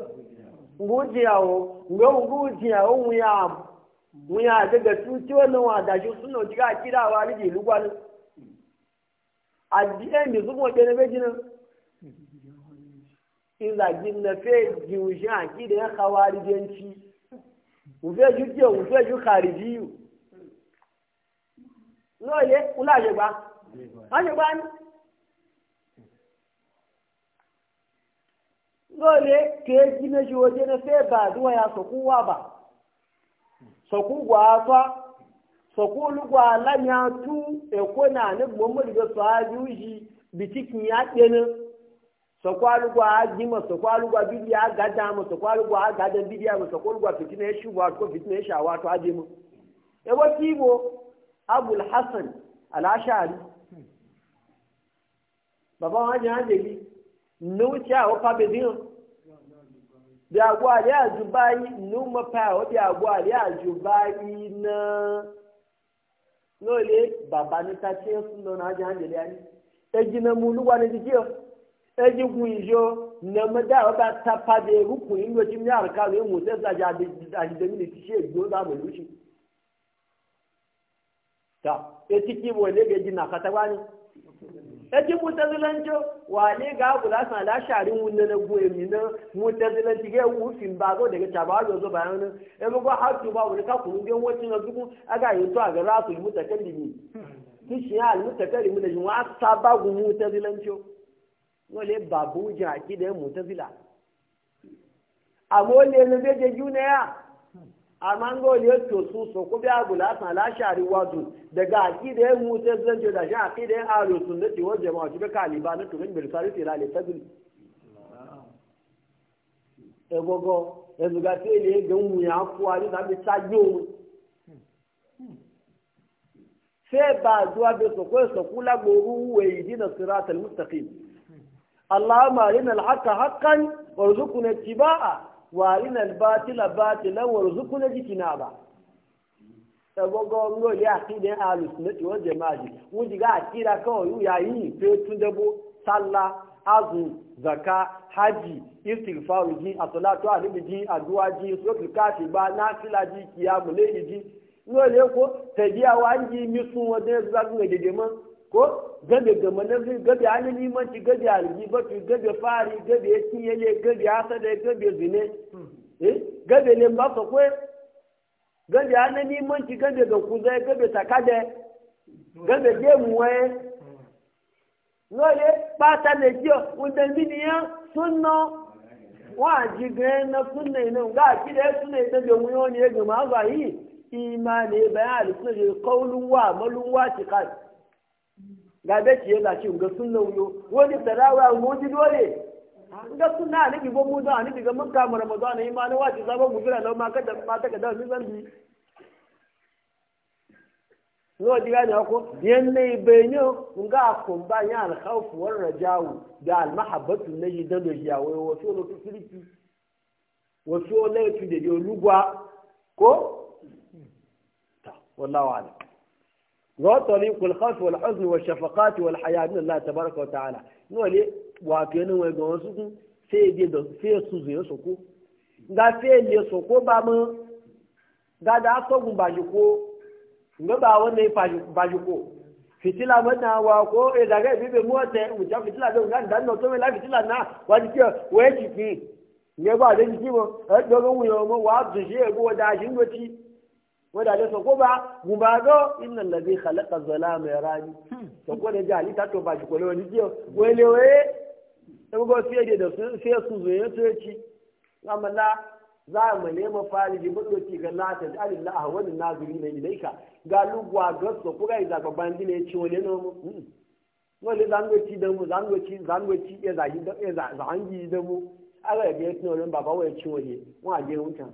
guji yawo ga guji yawo mu ya mu ya daga tuti wannan wa da shi suna jiga kida wa rigi lugwan addiyan da zuwa ke na in zagin na fe jiwushin akida ya kawarijanci mu fe ju kiyo mu fe lóye wúlò àṣegbà àṣegbà ni lóye kéèjì méjì ojú ẹni fẹ́ bá àdúrà ya sọ̀kú wà bà sọ̀kú gbà á tọ́ sọ̀kú olúgbà alámìá tú èkó náà ní gbòmọdìgbò sọ ájú yìí bìtì kì í sọ̀kú alúgbà á sọ̀kú alúgbà bíbí á sọ̀kú alúgbà á bíbí sọ̀kú fìtínà abul hassan al'ashari bàbá wọn jẹ́ àjèjì ní ó ṣe àwọn pàbẹ̀dìyàn bí àgbọ́ àlẹ́ àjò báyìí ní ó mọ pa àwọn bí àgbọ́ àlẹ́ àjò báyìí náà lóòlé bàbá ní tàbí ẹ̀ fún lọ́nà àjẹ́ àjèjì ayé ẹjì náà mú olúwa ní jíjẹ́ na kun ìṣó nàmẹ́dá àwọn bá tapá de rúkùn ìlú ẹjì ní àrùkà lóyún mọ̀ọ́sẹ́sì àjẹ́ àjèjì àjèjì mi ní ti ta ya ciki wale ga gina ka ta bani ya ci mutazilanci wale ga gula sana da sharin wunne na goyi mi na mutazilanci ga wufin ba zo daga tabaro zo bayan Ebe ya bugo har tu ba wani ka kunu gen wacin na duku aga yi to a ga rasu yi mutakallimi kishi ya al mutakallimi da jinwa ta ba gu mutazilanci wale babu jaki da mutazila amma wale ne zai je juna ya amma ngo ne to su so ko biya gula san la shari wazu daga akida ya mu te zan je da shi akida ya aro sunnati wal jama'a shi kaliba na to min bi bil ti la le tabli e gogo e zuga sai le ga mu ya ku ari da bi sajo se ba zuwa bi so ko e so kula goru e wa yidina siratal mustaqim اللهم أرنا الحق حقا وارزقنا اتباعه وارنا الباطل باطلا وارزقنا اجتنابا sabogo ngo ya kide alu sunnati wal jamaa'i wuji ga akira kawai ya yi fe tun dabo salla azu zaka haji istighfaru ji asalatu alibi ji aduwa ji sokil kafi ba nafila ji kiyamu ji ngo le ko tabiya wanji misun wade zagu ne dede ko gabe gama na zai gabe alilimanci gabe algibatu gabe fari gabe ya tinyele gabe asada gabe zine eh? gabe ne ba ka kwe gabe alilimanci gabe ga kuza gabe takade gabe gemu waye lóye pátá lè jí ọ ǹdẹ nìyẹn sunno wa àjí na súnà ne, nga àkìlẹ da iná bí òun yóò ní egbèmọ àgbà yìí imani bayan ibẹ àlùsùn wa malun wa àmọ́lúwa ga da ci yana ci ga sun nauyo wani sarawa moji dole ga suna ne ibo mu da ani ga mun kama ramadan ne ma na wace sabon gubira na ma ka da ma ta ka da mun zambi no diga ne ko yanne benyo nga ko ba ya al khawf wal rajau da al mahabbatu ne yi da dojiya wai wato no wo so ne tu de yo lugwa ko ta wallahi wa tariqul khawf wal huzn wal shafaqat wal haya min Allah tabaaraka wa ta'ala no le wa ke nu we go su ku se bi do da se le soku ba mu da da so gun ko ngo ba won ne ko fitila ba na wa ko e da ga bi be mu te u ja fitila do ga dan no na wa ji ke ne ba de ji mo e do go wu wa ju je go wadda da sako ba mu ba zo inna allazi khalaqa mai rani sako da jali ta to ba shi kole wani jiyo wele we ta fiye da su sai su zo ya to amma la za mu ne mu fari ji mutu ci ga lata da alil lahu wal nazirina ilaika ga lugwa ga sako ga iza babban dine ci wani no mu hmm. wani zango ci da mu zango ci ci ya zahi da mu aga ya baba ci wani a je wutan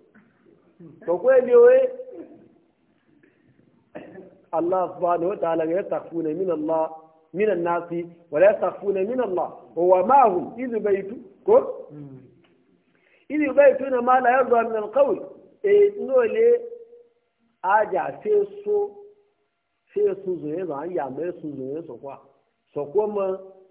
ba kweli we Allah subhanahu wa ta'ala ya min Allah min an-nasi wa la takfuna min Allah huwa idh baytu ko idh ma la yarda min al-qawl e nole aja fe so fe su ya ya mai su zo so kwa so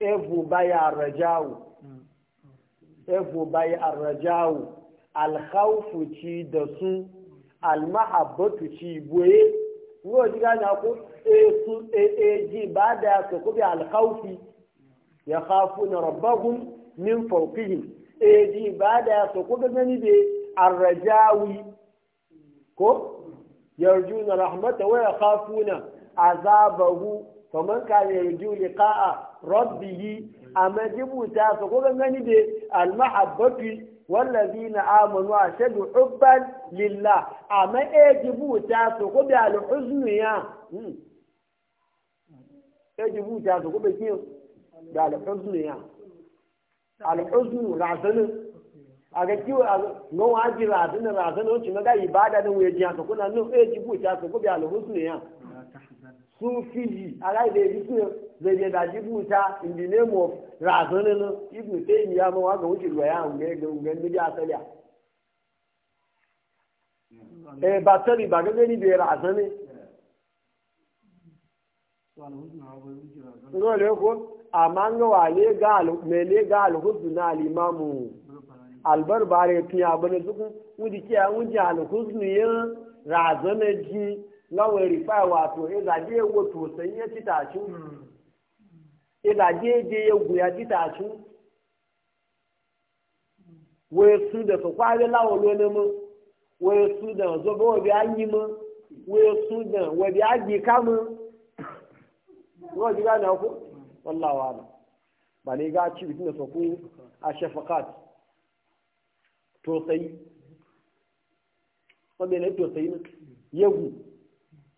evu baya arrajawu evu baya arrajawu alhaufu ci da su almahabbatu ci boye ruwa ji gani ku e su e, e ji ba da ya ko bi alhaufi ya khafu na rabbahum min fawqihim e ji ba da ya ko ga gani be arrajawi ko yarjuna rahmata wa yakhafuna azabahu faman ka ne ji liqa'a rabbihi amajibu ta so ko ni de al mahabbati والذين آمنوا أشد حبا لله أما يجبوا تاسو قبل الحزن يا يجبوا تاسو قبل كيو الحزن يا الحزن رعزن aga kiwo no waji razana razana wancin ga ibada da wuya jiya ka kuna nun eji ko bi al alhusnu ya sufi ala ile rikin zai je daji buta in the name of razanin ibn taimi ya mawa ga wuce ruwa ya hunga ga hunga miji asaliya eh ba tari ba gaga ni bai razanin Role ko amma ga wale ga mele ga alhusna al-imamu albarbare tiya bane duk wudi kiya wudi alhusnu ya razana ji láwọn èrìfà wàtò ìlàjì èwo tòsẹ yẹn títà àṣù ìlàjì èdè je ya títà àṣù wọ́n esu dẹ̀sọ̀ kwari láwọn lónìí mọ́ wọ́n esu dẹ̀ ọ̀zọ́ bọ́ wọ́n bí ayi mọ́ wọ́n esu dẹ̀ wọ́n bí ayi ká ka wọ́n ti ká náà kó wọ́n na wà lọ bàlẹ́ gá tìbí tí mo